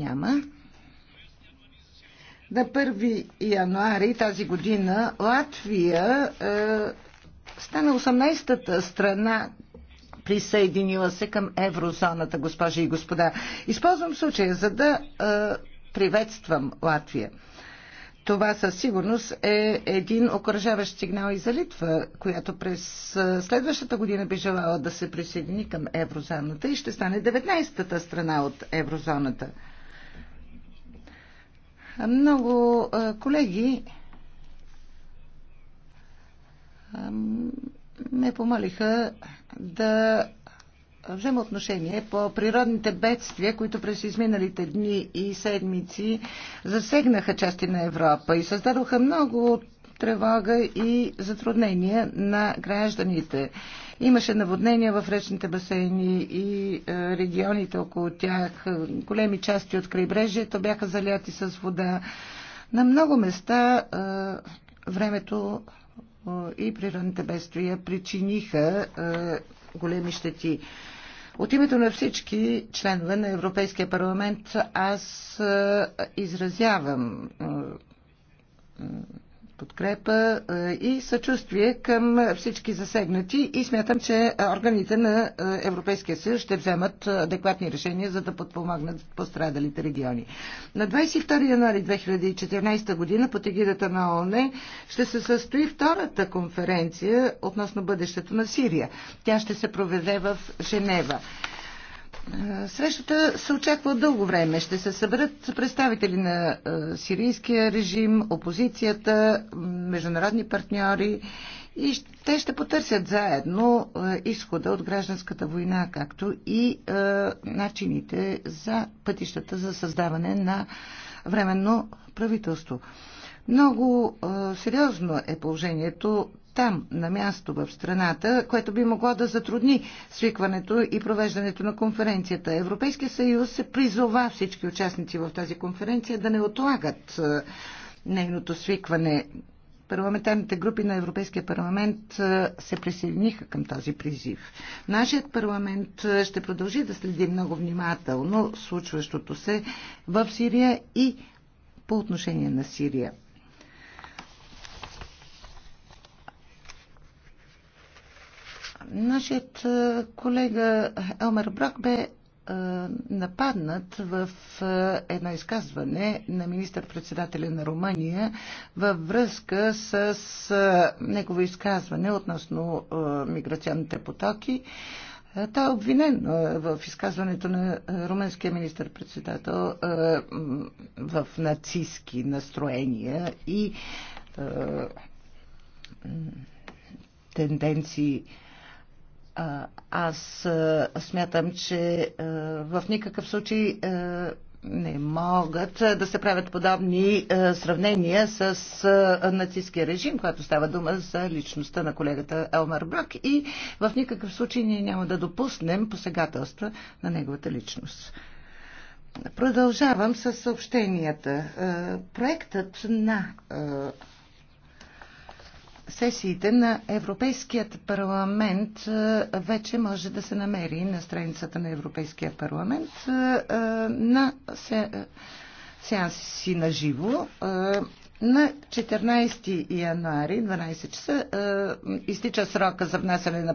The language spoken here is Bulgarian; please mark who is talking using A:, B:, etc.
A: Няма. На 1 януари тази година Латвия е, стана 18-та страна присъединила се към еврозоната, госпожи и господа. Използвам случая, за да е, приветствам Латвия. Това със сигурност е един окоръжаващ сигнал и за Литва, която през е, следващата година би желала да се присъедини към еврозоната и ще стане 19-та страна от еврозоната. Много колеги ме помолиха да взема отношение по природните бедствия, които през изминалите дни и седмици засегнаха части на Европа и създадоха много тревога и затруднения на гражданите. Имаше наводнения в речните басейни и е, регионите около тях. Големи части от крайбрежието бяха заляти с вода. На много места е, времето е, и природните бедствия причиниха големи щети. От името на всички членове на Европейския парламент аз изразявам подкрепа и съчувствие към всички засегнати и смятам, че органите на Европейския съюз ще вземат адекватни решения, за да подпомогнат пострадалите региони. На 22 януари 2014 година под егидата на ООН ще се състои втората конференция относно бъдещето на Сирия. Тя ще се проведе в Женева. Срещата се очаква дълго време. Ще се съберат представители на е, сирийския режим, опозицията, международни партньори и те ще потърсят заедно е, изхода от гражданската война, както и е, начините за пътищата за създаване на временно правителство. Много сериозно е положението там, на място в страната, което би могло да затрудни свикването и провеждането на конференцията. Европейския съюз се призова всички участници в тази конференция да не отлагат е, нейното свикване. Парламентарните групи на Европейския парламент е, се присъединиха към този призив. Нашият парламент е, ще продължи да следи много внимателно случващото се в Сирия и по отношение на Сирия. Нашият е, колега Елмер Брак бе е, нападнат в е, едно изказване на министър-председателя на Румъния във връзка с негово изказване относно миграционните потоки. Той е обвинен в изказването на румънския министър-председател в нацистски настроения и тенденции аз смятам, че в никакъв случай не могат да се правят подобни сравнения с нацистския режим, когато става дума за личността на колегата Елмар Брак и в никакъв случай ние няма да допуснем посегателства на неговата личност. Продължавам с съобщенията. Проектът на сесиите на Европейският парламент е, вече може да се намери на страницата на Европейския парламент е, е, на сеанси си на живо. На 14 януари, 12 часа, изтича срока за внасяне на